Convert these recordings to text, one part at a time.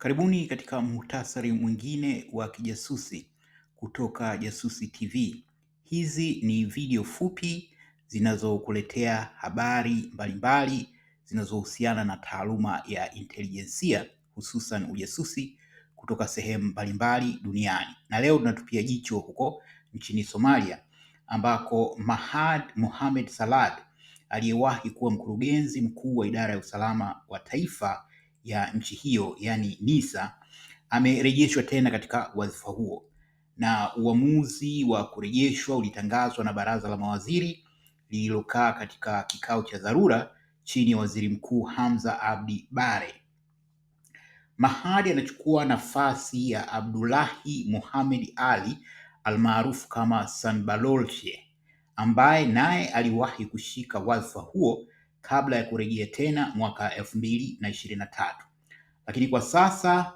Karibuni katika muhtasari mwingine wa kijasusi kutoka Jasusi TV. Hizi ni video fupi zinazokuletea habari mbalimbali zinazohusiana na taaluma ya intelijensia hususan ujasusi kutoka sehemu mbalimbali duniani. Na leo tunatupia jicho huko nchini Somalia ambako Mahad Mohamed Salad aliyewahi kuwa mkurugenzi mkuu wa idara ya usalama wa taifa ya nchi hiyo yaani Nisa amerejeshwa tena katika wadhifa huo, na uamuzi wa kurejeshwa ulitangazwa na baraza la mawaziri lililokaa katika kikao cha dharura chini ya waziri mkuu Hamza Abdi Bare. Mahadi anachukua nafasi ya Abdullahi Mohamed Ali almaarufu kama Sanbalolche ambaye naye aliwahi kushika wadhifa huo kabla ya kurejea tena mwaka elfu mbili na ishirini na tatu, lakini kwa sasa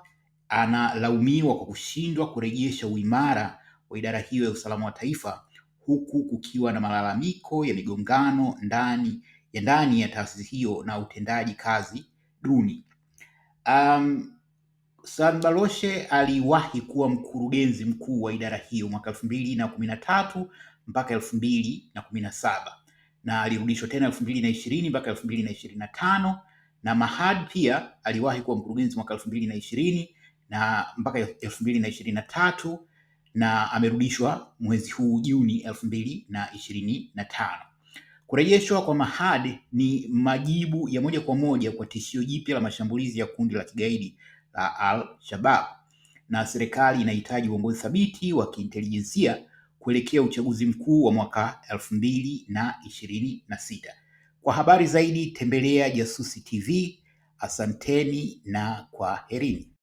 analaumiwa kwa kushindwa kurejesha uimara wa idara hiyo ya usalama wa taifa huku kukiwa na malalamiko ya migongano ndani ya ndani ya taasisi hiyo na utendaji kazi duni. Um, San Baloshe aliwahi kuwa mkurugenzi mkuu wa idara hiyo mwaka elfu mbili na kumi na tatu mpaka elfu mbili na kumi na saba na alirudishwa tena elfu mbili na ishirini mpaka elfu mbili na ishirini na tano na Mahad pia aliwahi kuwa mkurugenzi mwaka elfu mbili na ishirini na mpaka elfu mbili na ishirini na tatu na amerudishwa mwezi huu Juni elfu mbili na ishirini na tano. Kurejeshwa kwa Mahad ni majibu ya moja kwa moja kwa tishio jipya la mashambulizi ya kundi la kigaidi la Al-Shabaab, na serikali inahitaji uongozi thabiti wa kiintelijensia kuelekea uchaguzi mkuu wa mwaka elfu mbili na ishirini na sita. Kwa habari zaidi tembelea Jasusi TV. Asanteni na kwa herini.